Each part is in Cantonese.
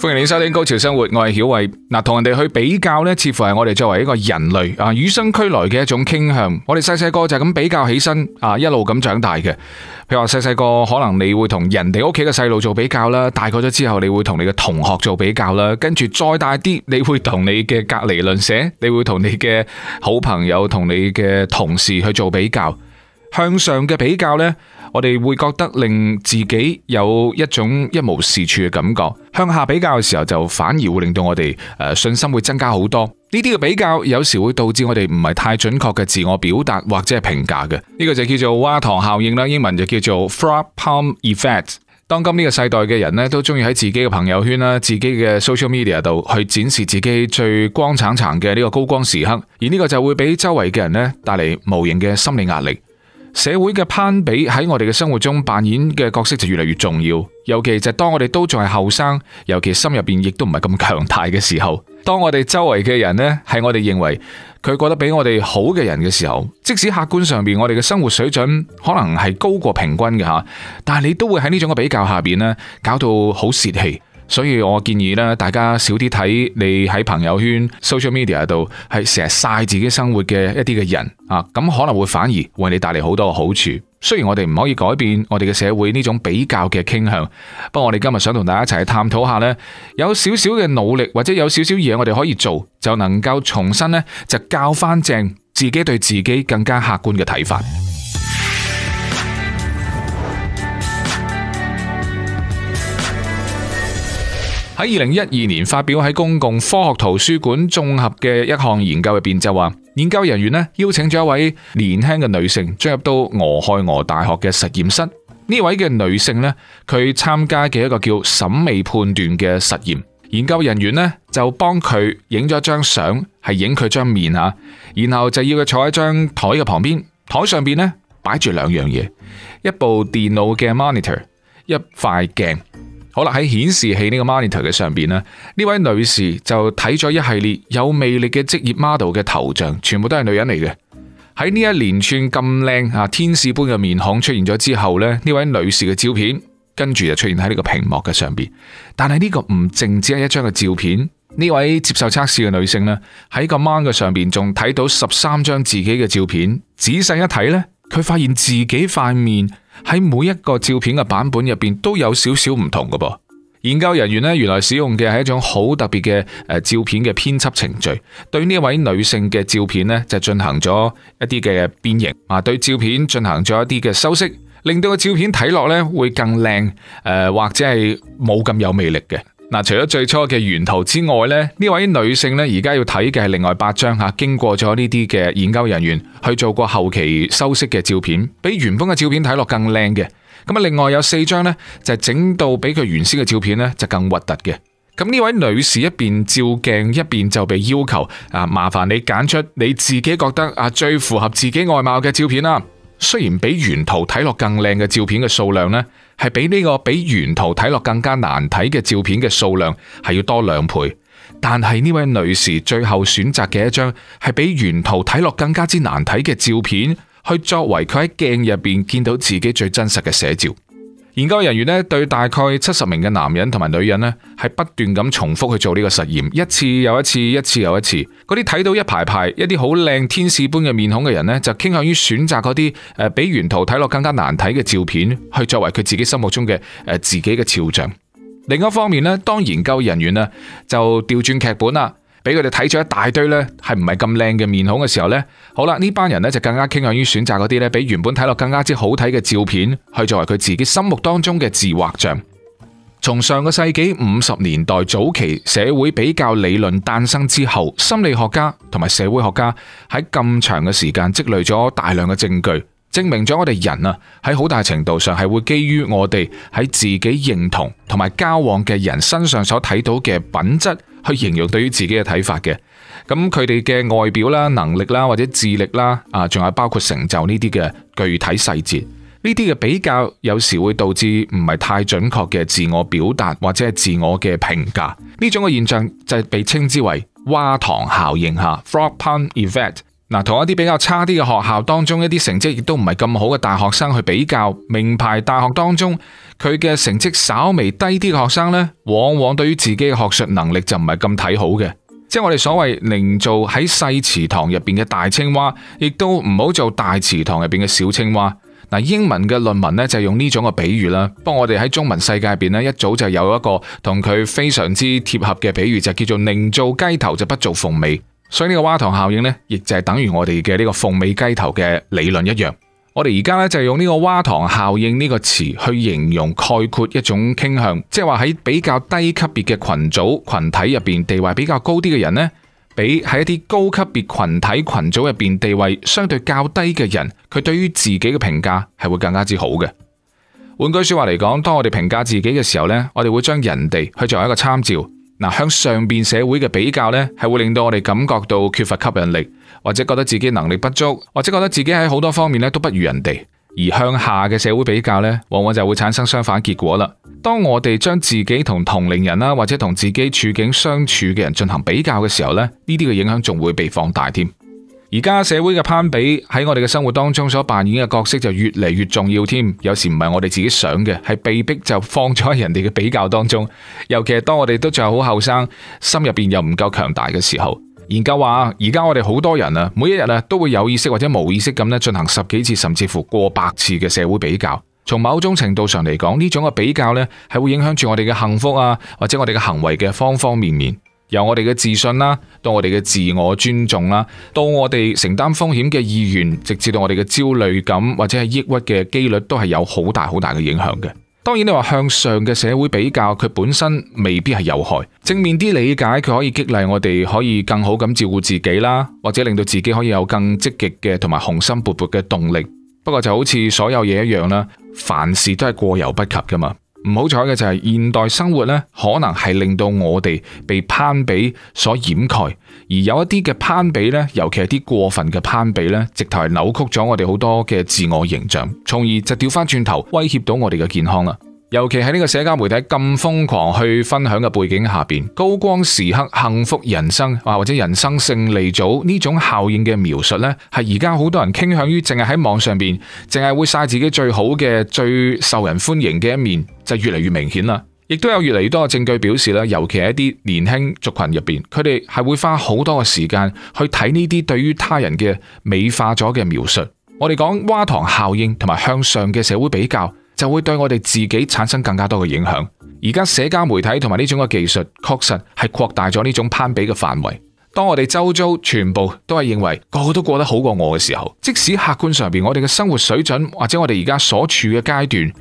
歡迎你收聽《高潮生活》，我係曉慧。嗱，同人哋去比較呢，似乎係我哋作為一個人類啊，與生俱來嘅一種傾向。我哋細細個就咁比較起身，啊，一路咁長大嘅。譬如話細細個，可能你會同人哋屋企嘅細路做比較啦；大個咗之後，你會同你嘅同學做比較啦；跟住再大啲，你會同你嘅隔籬鄰舍，你會同你嘅好朋友、同你嘅同事去做比較。向上嘅比較呢，我哋會覺得令自己有一種一無是處嘅感覺，向下比較嘅時候就反而會令到我哋誒、呃、信心會增加好多。呢啲嘅比較有時會導致我哋唔係太準確嘅自我表達或者係評價嘅。呢、呢個就叫做蛙塘效應啦，英文就叫做 Frog Pond Effect。當今呢個世代嘅人呢，都中意喺自己嘅朋友圈啦、自己嘅 Social Media 度去展示自己最光橙橙嘅呢個高光時刻，而呢個就會俾周圍嘅人呢帶嚟無形嘅心理壓力。社會嘅攀比喺我哋嘅生活中扮演嘅角色就越嚟越重要，尤其就當我哋都仲係後生，尤其心入邊亦都唔係咁強大嘅時候，當我哋周圍嘅人呢，係我哋認為佢覺得比我哋好嘅人嘅時候，即使客觀上面我哋嘅生活水準可能係高過平均嘅吓，但係你都會喺呢種嘅比較下邊呢搞到好洩氣。所以我建議咧，大家少啲睇你喺朋友圈、social media 度係成日曬自己生活嘅一啲嘅人啊，咁可能會反而為你帶嚟好多嘅好處。雖然我哋唔可以改變我哋嘅社會呢種比較嘅傾向，不過我哋今日想同大家一齊去探討下，呢有少少嘅努力，或者有少少嘢我哋可以做，就能夠重新呢就教翻正自己對自己更加客觀嘅睇法。喺二零一二年發表喺公共科學圖書館綜合嘅一項研究，研究入邊就話，研究人員呢邀請咗一位年輕嘅女性進入到俄亥俄大學嘅實驗室。呢位嘅女性呢，佢參加嘅一個叫審美判斷嘅實驗。研究人員呢就幫佢影咗張相，係影佢張面吓，然後就要佢坐喺張台嘅旁邊，台上邊呢擺住兩樣嘢，一部電腦嘅 monitor，一塊鏡。好啦，喺顯示器呢個 monitor 嘅上邊啦，呢位女士就睇咗一系列有魅力嘅職業 model 嘅頭像，全部都係女人嚟嘅。喺呢一連串咁靚啊天使般嘅面孔出現咗之後呢，呢位女士嘅照片跟住就出現喺呢個屏幕嘅上邊。但係呢個唔淨只係一張嘅照片，呢位接受測試嘅女性呢，喺個 mon 嘅上邊仲睇到十三張自己嘅照片。仔細一睇呢，佢發現自己塊面。喺每一個照片嘅版本入邊都有少少唔同嘅噃，研究人員呢，原來使用嘅係一種好特別嘅，誒，照片嘅編輯程序，對呢位女性嘅照片呢，就進行咗一啲嘅變形，啊，對照片進行咗一啲嘅修飾，令到個照片睇落呢會更靚誒、呃、或者係冇咁有魅力嘅。嗱，除咗最初嘅原圖之外咧，呢位女性咧而家，要睇嘅係另外八張吓，經過咗呢啲嘅研究人員去做過後期修飾嘅照片，比原封嘅照片睇落更靚嘅。咁啊，另外有四張呢，就係整到比佢原先嘅照片呢就更核突嘅。咁呢位女士一邊照鏡一邊就被要求啊，麻煩你揀出你自己覺得啊最符合自己外貌嘅照片啦。雖然比原圖睇落更靚嘅照片嘅數量呢，係比呢個比原圖睇落更加難睇嘅照片嘅數量係要多兩倍，但係呢位女士最後選擇嘅一張係比原圖睇落更加之難睇嘅照片，去作為佢喺鏡入邊見到自己最真實嘅寫照。研究人員呢對大概七十名嘅男人同埋女人呢係不斷咁重複去做呢個實驗，一次又一次，一次又一次。嗰啲睇到一排排一啲好靚天使般嘅面孔嘅人呢，就傾向於選擇嗰啲比原圖睇落更加難睇嘅照片去作為佢自己心目中嘅自己嘅肖像。另一方面呢，當研究人員呢，就調轉劇本啦。俾佢哋睇咗一大堆呢，係唔係咁靚嘅面孔嘅時候呢？好啦，呢班人呢就更加傾向於選擇嗰啲呢，比原本睇落更加之好睇嘅照片，去作為佢自己心目當中嘅自畫像。從上個世紀五十年代早期社會比較理論誕生之後，心理學家同埋社會學家喺咁長嘅時間積累咗大量嘅證據，證明咗我哋人啊喺好大程度上係會基於我哋喺自己認同同埋交往嘅人身上所睇到嘅品質。去形容對於自己嘅睇法嘅，咁佢哋嘅外表啦、能力啦或者智力啦，啊，仲係包括成就呢啲嘅具體細節，呢啲嘅比較有時會導致唔係太準確嘅自我表達或者係自我嘅評價，呢種嘅現象就係被稱之為蛙塘效應嚇 （Frog p o n e f e c t 嗱，同一啲比較差啲嘅學校當中一啲成績亦都唔係咁好嘅大學生去比較，名牌大學當中佢嘅成績稍微低啲嘅學生呢，往往對於自己嘅學術能力就唔係咁睇好嘅。即係我哋所謂寧做喺細池塘入邊嘅大青蛙，亦都唔好做大池塘入邊嘅小青蛙。嗱，英文嘅論文呢，就用呢種嘅比喻啦，不過我哋喺中文世界入邊呢，一早就有一個同佢非常之貼合嘅比喻，就叫做寧做雞頭就不做鳳尾。所以呢個蛙塘效應呢，亦就係等於我哋嘅呢個鳳尾雞頭嘅理論一樣。我哋而家呢，就係用呢個蛙塘效應呢個詞去形容概括一種傾向，即係話喺比較低級別嘅群組、群體入邊地位比較高啲嘅人呢，比喺一啲高級別群體、群組入邊地位相對較低嘅人，佢對於自己嘅評價係會更加之好嘅。換句說話嚟講，當我哋評價自己嘅時候呢，我哋會將人哋去做一個參照。嗱，向上邊社會嘅比較咧，係會令到我哋感覺到缺乏吸引力，或者覺得自己能力不足，或者覺得自己喺好多方面咧都不如人哋。而向下嘅社會比較咧，往往就會產生相反結果啦。當我哋將自己同同齡人啦，或者同自己處境相處嘅人進行比較嘅時候咧，呢啲嘅影響仲會被放大添。而家社會嘅攀比喺我哋嘅生活當中所扮演嘅角色就越嚟越重要添，有時唔係我哋自己想嘅，係被迫就放咗喺人哋嘅比較當中。尤其係當我哋都仲係好後生，心入邊又唔夠強大嘅時候，研究話，而家我哋好多人啊，每一日啊都會有意識或者冇意識咁咧進行十幾次甚至乎過百次嘅社會比較。從某種程度上嚟講，呢種嘅比較呢，係會影響住我哋嘅幸福啊，或者我哋嘅行為嘅方方面面。由我哋嘅自信啦，到我哋嘅自我尊重啦，到我哋承擔風險嘅意願，直至到我哋嘅焦慮感或者係抑鬱嘅幾率，都係有好大好大嘅影響嘅。當然，你話向上嘅社會比較，佢本身未必係有害。正面啲理解，佢可以激勵我哋可以更好咁照顧自己啦，或者令到自己可以有更積極嘅同埋雄心勃勃嘅動力。不過就好似所有嘢一樣啦，凡事都係過猶不及㗎嘛。唔好彩嘅就係、是、現代生活可能係令到我哋被攀比所掩蓋，而有一啲嘅攀比咧，尤其係啲過分嘅攀比咧，直頭係扭曲咗我哋好多嘅自我形象，從而就掉翻轉頭威脅到我哋嘅健康啦。尤其喺呢個社交媒體咁瘋狂去分享嘅背景下邊，高光時刻、幸福人生啊，或者人生勝利組呢種效應嘅描述呢，係而家好多人傾向於淨係喺網上邊，淨係會晒自己最好嘅、最受人歡迎嘅一面，就越嚟越明顯啦。亦都有越嚟越多嘅證據表示啦，尤其係一啲年輕族群入邊，佢哋係會花好多嘅時間去睇呢啲對於他人嘅美化咗嘅描述。我哋講蛙塘效應同埋向上嘅社會比較。就會對我哋自己產生更加多嘅影響。而家社交媒體同埋呢種嘅技術，確實係擴大咗呢種攀比嘅範圍。當我哋周遭全部都係認為個個都過得好過我嘅時候，即使客觀上邊我哋嘅生活水準或者我哋而家所處嘅階段，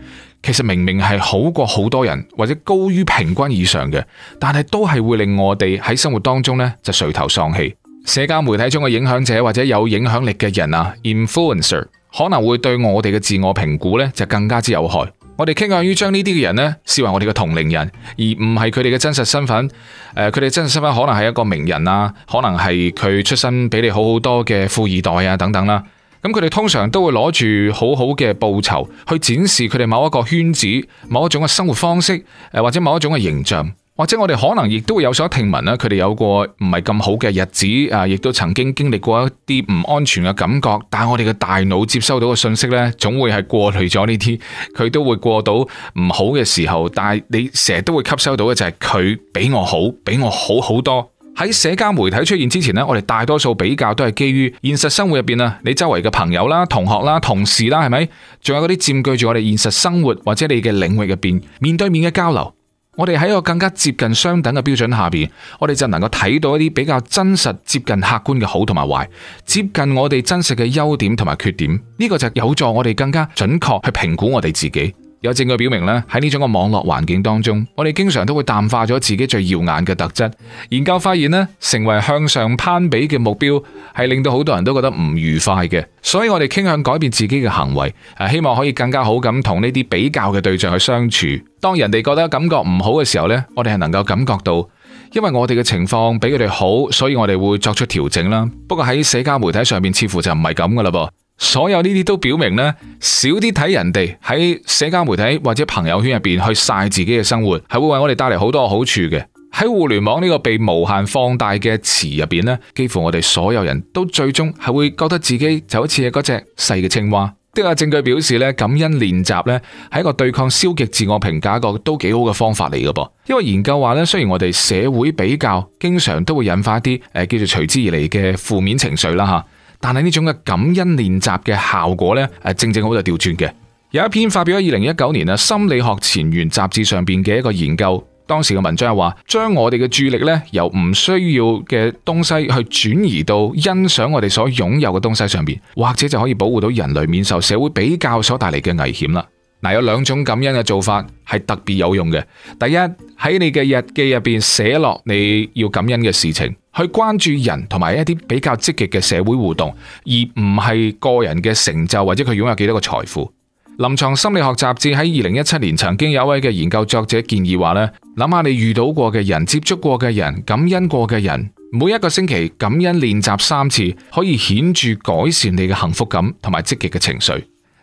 其實明明係好過好多人或者高於平均以上嘅，但係都係會令我哋喺生活當中呢就垂頭喪氣。社交媒體中嘅影響者或者有影響力嘅人啊，influencer。Inf 可能會對我哋嘅自我評估咧就更加之有害。我哋傾向於將呢啲嘅人呢視為我哋嘅同齡人，而唔係佢哋嘅真實身份。誒、呃，佢哋真實身份可能係一個名人啊，可能係佢出身比你好好多嘅富二代啊等等啦。咁佢哋通常都會攞住好好嘅報酬去展示佢哋某一個圈子、某一種嘅生活方式，誒、呃、或者某一種嘅形象。或者我哋可能亦都會有所聽聞啦，佢哋有過唔係咁好嘅日子，啊，亦都曾經經歷過一啲唔安全嘅感覺。但係我哋嘅大腦接收到嘅信息呢，總會係過濾咗呢啲，佢都會過到唔好嘅時候。但係你成日都會吸收到嘅就係佢比我好，比我好好多。喺社交媒體出現之前呢，我哋大多數比較都係基於現實生活入邊啊，你周圍嘅朋友啦、同學啦、同事啦，係咪？仲有嗰啲佔據住我哋現實生活或者你嘅領域入邊面，面對面嘅交流。我哋喺一個更加接近相等嘅標準下邊，我哋就能夠睇到一啲比較真實、接近客觀嘅好同埋壞，接近我哋真實嘅優點同埋缺點。呢個就有助我哋更加準確去評估我哋自己。有證據表明咧，喺呢種嘅網絡環境當中，我哋經常都會淡化咗自己最耀眼嘅特質。研究發現咧，成為向上攀比嘅目標，係令到好多人都覺得唔愉快嘅。所以我哋傾向改變自己嘅行為，誒，希望可以更加好咁同呢啲比較嘅對象去相處。當人哋覺得感覺唔好嘅時候呢，我哋係能夠感覺到，因為我哋嘅情況比佢哋好，所以我哋會作出調整啦。不過喺社交媒體上面，似乎就唔係咁噶啦噃。所有呢啲都表明咧，少啲睇人哋喺社交媒體或者朋友圈入邊去晒自己嘅生活，係會為我哋帶嚟好多好處嘅。喺互聯網呢個被無限放大嘅詞入邊咧，幾乎我哋所有人都最終係會覺得自己就好似係嗰隻細嘅青蛙。啲啊，證據表示咧，感恩練習咧係一個對抗消極自我評價一個都幾好嘅方法嚟嘅噃。因為研究話咧，雖然我哋社會比較經常都會引發一啲誒，叫做隨之而嚟嘅負面情緒啦吓。但係呢種嘅感恩練習嘅效果呢，誒正正好就調轉嘅。有一篇發表喺二零一九年啊心理學前沿雜誌上邊嘅一個研究，當時嘅文章係話，將我哋嘅注意力呢，由唔需要嘅東西去轉移到欣賞我哋所擁有嘅東西上面，或者就可以保護到人類免受社會比較所帶嚟嘅危險啦。嗱，有兩種感恩嘅做法係特別有用嘅。第一，喺你嘅日記入邊寫落你要感恩嘅事情。去關注人同埋一啲比較積極嘅社會互動，而唔係個人嘅成就或者佢擁有幾多個財富。臨床心理學雜誌喺二零一七年曾經有一位嘅研究作者建議話呢，諗下你遇到過嘅人、接觸過嘅人、感恩過嘅人，每一個星期感恩練習三次，可以顯著改善你嘅幸福感同埋積極嘅情緒。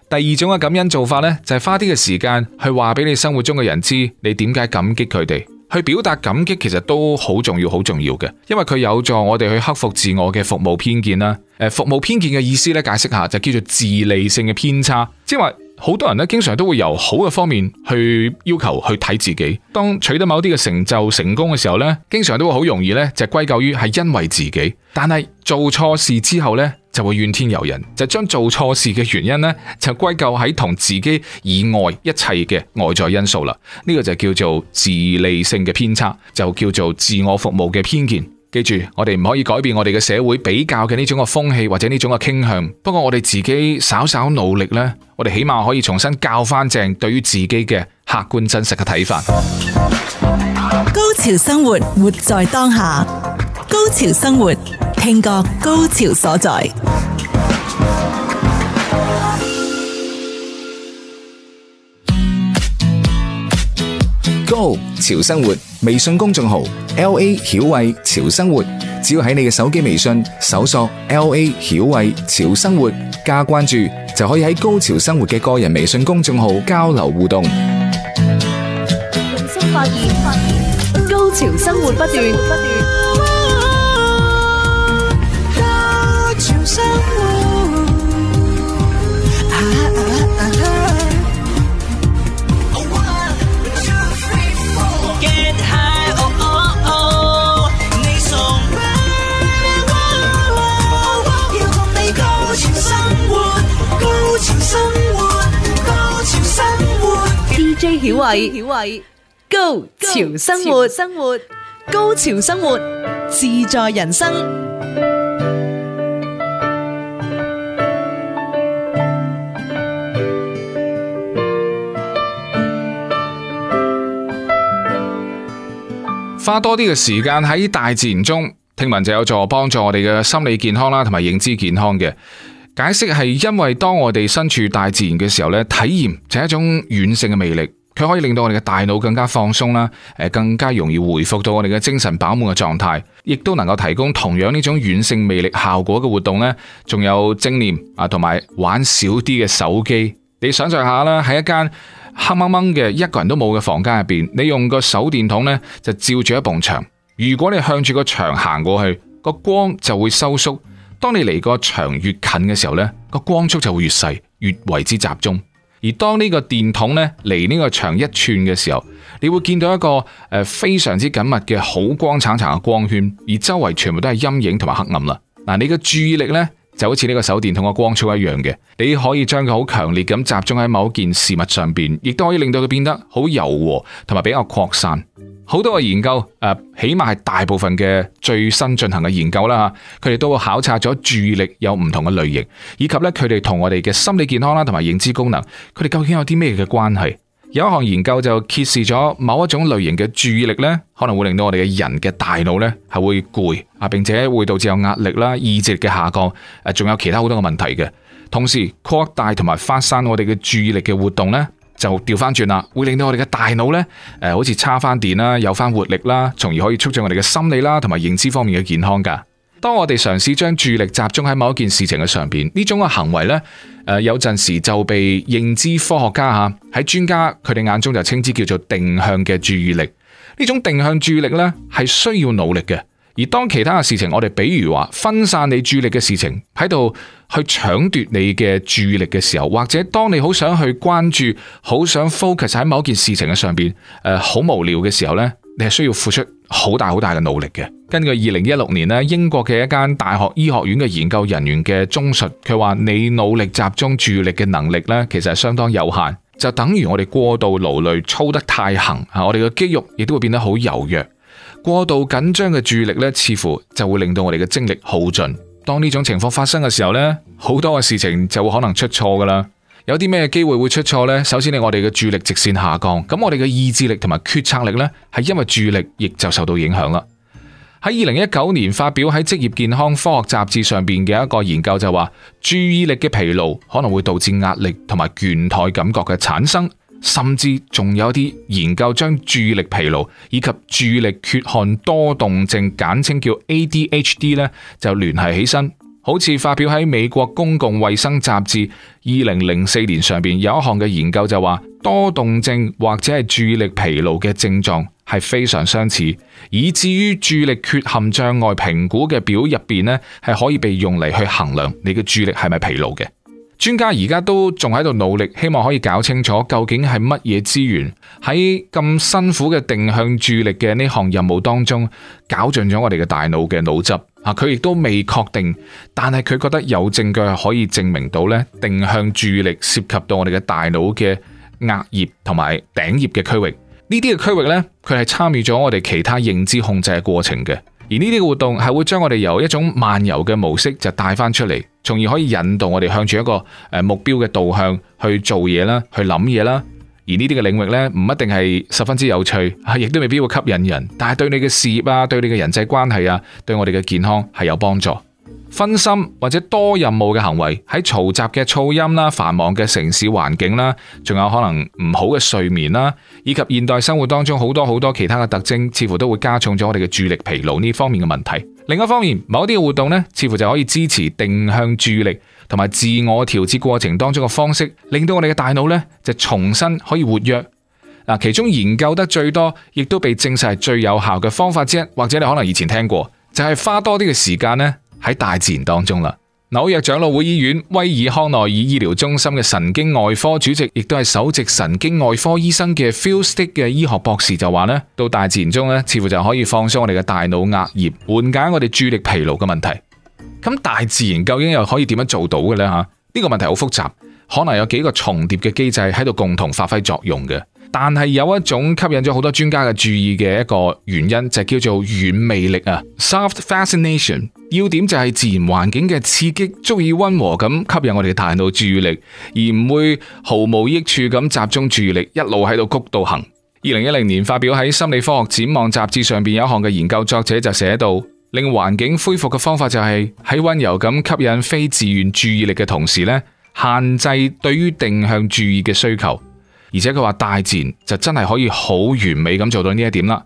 第二種嘅感恩做法呢，就係花啲嘅時間去話俾你生活中嘅人知你點解感激佢哋。去表達感激其實都好重要，好重要嘅，因為佢有助我哋去克服自我嘅服務偏見啦。誒，服務偏見嘅意思咧，解釋下就叫做自利性嘅偏差，即係話好多人咧，經常都會由好嘅方面去要求去睇自己。當取得某啲嘅成就、成功嘅時候咧，經常都會好容易咧，就歸咎於係因為自己。但係做錯事之後咧，就會怨天尤人，就將做錯事嘅原因呢，就歸咎喺同自己以外一切嘅外在因素啦。呢個就叫做自利性嘅偏差，就叫做自我服務嘅偏見。記住，我哋唔可以改變我哋嘅社會比較嘅呢種嘅風氣或者呢種嘅傾向。不過我哋自己稍稍努力呢，我哋起碼可以重新教翻正對於自己嘅客觀真實嘅睇法。高潮生活，活在當下。高潮生活。聽覺高潮所在高潮生活微信公眾號 L A 曉慧潮生活，只要喺你嘅手機微信搜索 L A 曉慧潮生活加關注，就可以喺高潮生活嘅個人微信公眾號交流互動。用心發現，高潮生活不斷不斷。小慧，高潮生活，高潮生活，自在人生。花多啲嘅時間喺大自然中，聽聞就有助幫助我哋嘅心理健康啦，同埋認知健康嘅解釋，係因為當我哋身處大自然嘅時候咧，體驗就係一種軟性嘅魅力。佢可以令到我哋嘅大腦更加放鬆啦，誒，更加容易回復到我哋嘅精神飽滿嘅狀態，亦都能夠提供同樣呢種軟性魅力效果嘅活動呢。仲有靜念啊，同埋玩少啲嘅手機。你想象下啦，喺一間黑掹掹嘅一個人都冇嘅房間入邊，你用個手電筒呢就照住一埲牆。如果你向住個牆行過去，個光就會收縮。當你離個牆越近嘅時候呢，個光束就會越細，越為之集中。而當呢個電筒呢離呢個牆一寸嘅時候，你會見到一個誒非常之緊密嘅好光燦燦嘅光圈，而周圍全部都係陰影同埋黑暗啦。嗱，你嘅注意力呢，就好似呢個手電筒嘅光束一樣嘅，你可以將佢好強烈咁集中喺某件事物上邊，亦都可以令到佢變得好柔和同埋比較擴散。好多嘅研究，誒、呃，起碼係大部分嘅最新進行嘅研究啦，佢哋都會考察咗注意力有唔同嘅類型，以及咧佢哋同我哋嘅心理健康啦，同埋認知功能，佢哋究竟有啲咩嘅關係？有一項研究就揭示咗某一種類型嘅注意力呢，可能會令到我哋嘅人嘅大腦呢係會攰啊，並且會導致有壓力啦、意志力嘅下降，仲有其他好多嘅問題嘅。同時擴大同埋發生我哋嘅注意力嘅活動呢。就調翻轉啦，會令到我哋嘅大腦呢，誒、呃，好似叉翻電啦，有翻活力啦，從而可以促進我哋嘅心理啦，同埋認知方面嘅健康噶。當我哋嘗試將注意力集中喺某一件事情嘅上面，呢種嘅行為呢，呃、有陣時就被認知科學家吓喺、啊、專家佢哋眼中就稱之叫做定向嘅注意力。呢種定向注意力呢，係需要努力嘅。而當其他嘅事情，我哋比如話分散你注意力嘅事情喺度去搶奪你嘅注意力嘅時候，或者當你好想去關注、好想 focus 喺某件事情嘅上邊，誒，好無聊嘅時候呢，你係需要付出好大好大嘅努力嘅。根據二零一六年呢，英國嘅一間大學醫學院嘅研究人員嘅綜述，佢話你努力集中注意力嘅能力呢，其實係相當有限，就等於我哋過度勞累、操得太行，啊！我哋嘅肌肉亦都會變得好柔弱。過度緊張嘅注意力呢，似乎就會令到我哋嘅精力耗盡。當呢種情況發生嘅時候呢，好多嘅事情就會可能出錯㗎喇。有啲咩機會會出錯呢？首先係我哋嘅注意力直線下降，咁我哋嘅意志力同埋決策力呢，係因為注意力亦就受到影響啦。喺二零一九年發表喺職業健康科學雜誌上邊嘅一個研究就話，注意力嘅疲勞可能會導致壓力同埋倦怠感覺嘅產生。甚至仲有啲研究將注意力疲勞以及注意力缺陷多動症，簡稱叫 ADHD 咧，就聯繫起身。好似發表喺美國公共衛生雜誌二零零四年上邊有一項嘅研究就話，多動症或者係注意力疲勞嘅症狀係非常相似，以至於注意力缺陷障礙評估嘅表入邊呢係可以被用嚟去衡量你嘅注意力係咪疲勞嘅。專家而家都仲喺度努力，希望可以搞清楚究竟係乜嘢資源喺咁辛苦嘅定向注意力嘅呢項任務當中搞盡咗我哋嘅大腦嘅腦汁啊！佢亦都未確定，但係佢覺得有證據可以證明到咧，定向注意力涉及到我哋嘅大腦嘅額葉同埋頂葉嘅區域。呢啲嘅區域咧，佢係參與咗我哋其他認知控制嘅過程嘅，而呢啲嘅活動係會將我哋由一種漫遊嘅模式就帶翻出嚟。從而可以引導我哋向住一個誒目標嘅導向去做嘢啦，去諗嘢啦。而呢啲嘅領域呢，唔一定係十分之有趣，亦都未必會吸引人。但係對你嘅事業啊，對你嘅人際關係啊，對我哋嘅健康係有幫助。分心或者多任務嘅行為，喺嘈雜嘅噪音啦、繁忙嘅城市環境啦，仲有可能唔好嘅睡眠啦，以及現代生活當中好多好多其他嘅特徵，似乎都會加重咗我哋嘅注意力疲勞呢方面嘅問題。另一方面，某啲嘅活動呢，似乎就可以支持定向注意力同埋自我調節過程當中嘅方式，令到我哋嘅大腦呢就重新可以活躍。嗱，其中研究得最多，亦都被證實係最有效嘅方法之一，或者你可能以前聽過，就係花多啲嘅時間呢，喺大自然當中啦，紐約長老會醫院威爾康內爾醫療中心嘅神經外科主席，亦都係首席神經外科醫生嘅 Phil Stieg c 嘅醫學博士就話，呢到大自然中呢，似乎就可以放鬆我哋嘅大腦壓業，緩解我哋注意力疲勞嘅問題。咁大自然究竟又可以點樣做到嘅呢？嚇，呢個問題好複雜，可能有幾個重疊嘅機制喺度共同發揮作用嘅。但係有一種吸引咗好多專家嘅注意嘅一個原因，就叫做軟魅力啊 （soft fascination）。要點就係自然環境嘅刺激足以温和咁吸引我哋嘅大腦注意力，而唔會毫無益處咁集中注意力一路喺度谷度行。二零一零年發表喺《心理科學展望》雜誌上邊有一項嘅研究，作者就寫到，令環境恢復嘅方法就係喺温柔咁吸引非自願注意力嘅同時咧，限制對於定向注意嘅需求。而且佢話大自然就真係可以好完美咁做到呢一點啦。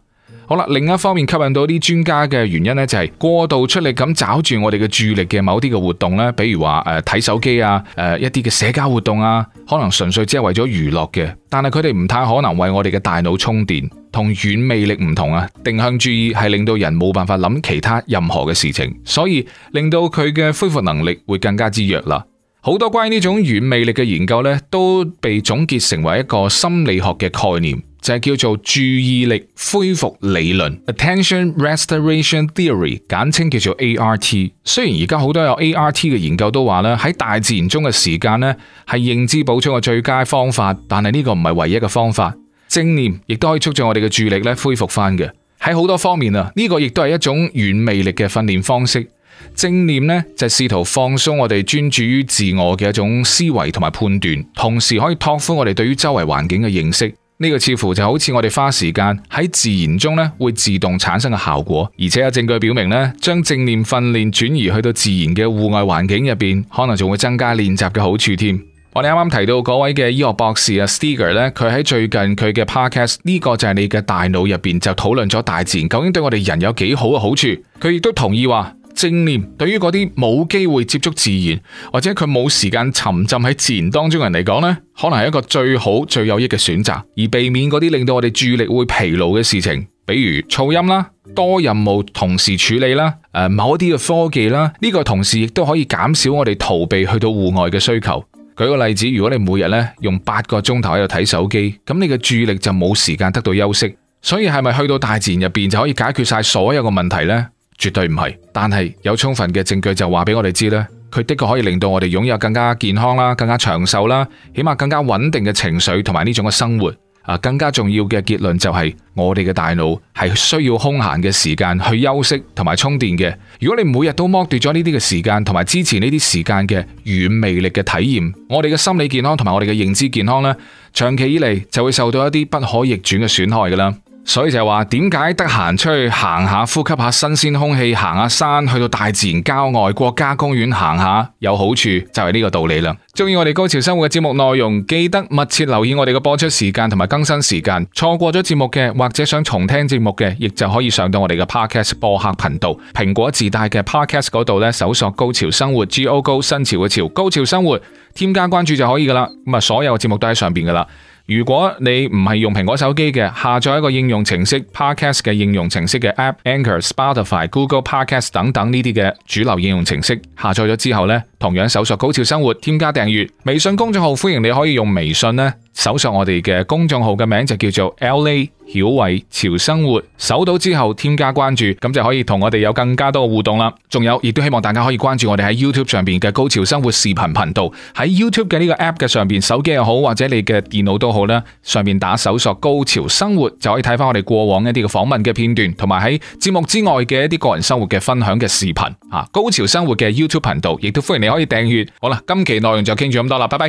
好啦，另一方面吸引到啲專家嘅原因呢，就係過度出力咁找住我哋嘅注意力嘅某啲嘅活動呢，比如話誒睇手機啊，誒、呃、一啲嘅社交活動啊，可能純粹只係為咗娛樂嘅，但係佢哋唔太可能為我哋嘅大腦充電。同軟魅力唔同啊，定向注意係令到人冇辦法諗其他任何嘅事情，所以令到佢嘅恢復能力會更加之弱啦。好多關於呢種軟魅力嘅研究呢，都被總結成為一個心理學嘅概念，就係、是、叫做注意力恢復理論 （Attention Restoration Theory），簡稱叫做 ART。雖然而家好多有 ART 嘅研究都話呢，喺大自然中嘅時間呢，係認知補充嘅最佳方法，但係呢個唔係唯一嘅方法。正念亦都可以促進我哋嘅注意力恢復翻嘅。喺好多方面啊，呢、這個亦都係一種軟魅力嘅訓練方式。正念呢，就係、試圖放鬆我哋專注於自我嘅一種思維同埋判斷，同時可以拓寬我哋對於周圍環境嘅認識。呢、呢個似乎就好似我哋花時間喺自然中咧會自動產生嘅效果，而且有證據表明咧，將正念訓練轉移去到自然嘅戶外環境入邊，可能仲會增加練習嘅好處添。我哋啱啱提到嗰位嘅醫學博士啊，Steger 咧，佢喺最近佢嘅 podcast 呢個就係你嘅大腦入邊就討論咗大自然究竟對我哋人有幾好嘅好處，佢亦都同意話。正念對於嗰啲冇機會接觸自然，或者佢冇時間沉浸喺自然當中嘅人嚟講呢，可能係一個最好、最有益嘅選擇，而避免嗰啲令到我哋注意力會疲勞嘅事情，比如噪音啦、多任務同時處理啦、誒、呃、某一啲嘅科技啦，呢、這個同時亦都可以減少我哋逃避去到戶外嘅需求。舉個例子，如果你每日咧用八個鐘頭喺度睇手機，咁你嘅注意力就冇時間得到休息，所以係咪去到大自然入邊就可以解決晒所有嘅問題呢？絕對唔係，但係有充分嘅證據就話俾我哋知啦。佢的確可以令到我哋擁有更加健康啦、更加長壽啦，起碼更加穩定嘅情緒同埋呢種嘅生活。啊，更加重要嘅結論就係、是、我哋嘅大腦係需要空閒嘅時間去休息同埋充電嘅。如果你每日都剝奪咗呢啲嘅時間同埋支持呢啲時間嘅軟魅力嘅體驗，我哋嘅心理健康同埋我哋嘅認知健康咧，長期以嚟就會受到一啲不可逆轉嘅損害噶啦。所以就話點解得閒出去行下，呼吸下新鮮空氣，行下山，去到大自然郊外國家公園行下有好處，就係呢個道理啦。中意我哋高潮生活嘅節目內容，記得密切留意我哋嘅播出時間同埋更新時間。錯過咗節目嘅，或者想重聽節目嘅，亦就可以上到我哋嘅 Podcast 播客頻道，蘋果自帶嘅 Podcast 嗰度咧，搜索高潮生活 G O G O 新潮嘅潮，高潮生活，添加關注就可以噶啦。咁啊，所有節目都喺上邊噶啦。如果你唔係用蘋果手機嘅，下載一個應用程式，Podcast 嘅應用程式嘅 App，Anchor、Spotify、Google Podcast 等等呢啲嘅主流應用程式，下載咗之後呢，同樣搜索高潮生活，添加訂閱。微信公眾號歡迎你可以用微信呢。搜索我哋嘅公眾號嘅名就叫做 LA 曉慧潮生活，搜到之後添加關注，咁就可以同我哋有更加多嘅互動啦。仲有，亦都希望大家可以關注我哋喺 YouTube 上邊嘅高潮生活視頻頻道，喺 YouTube 嘅呢個 App 嘅上邊，手機又好或者你嘅電腦都好啦，上面打搜索高潮生活就可以睇翻我哋過往一啲嘅訪問嘅片段，同埋喺節目之外嘅一啲個人生活嘅分享嘅視頻。吓、啊，高潮生活嘅 YouTube 頻道亦都歡迎你可以訂閱。好啦，今期內容就傾住咁多啦，拜拜。